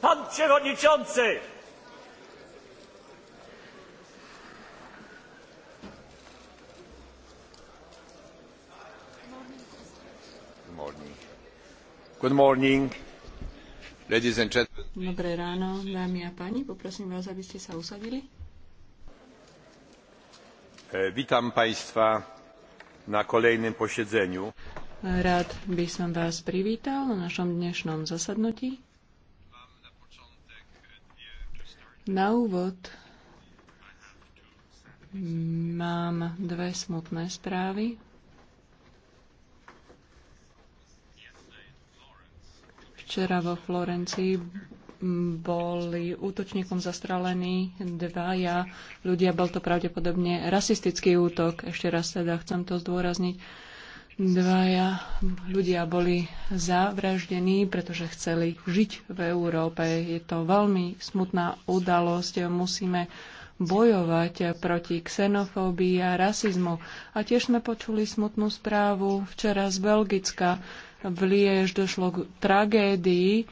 Pan przewodniczący! Good morning. Ladies and gentlemen. Dobré ráno, dámy a páni, poprosím vás, aby ste sa usadili. Vítam e, Państwa na kolejnym posiedzeniu. Rád by som vás privítal na našom dnešnom zasadnutí. Na úvod mám dve smutné správy. Včera vo Florencii boli útočníkom zastrelení dvaja ľudia. Bol to pravdepodobne rasistický útok. Ešte raz teda chcem to zdôrazniť Dvaja ľudia boli zavraždení, pretože chceli žiť v Európe. Je to veľmi smutná udalosť. Musíme bojovať proti xenofóbii a rasizmu. A tiež sme počuli smutnú správu včera z Belgicka. V Liež došlo k tragédii,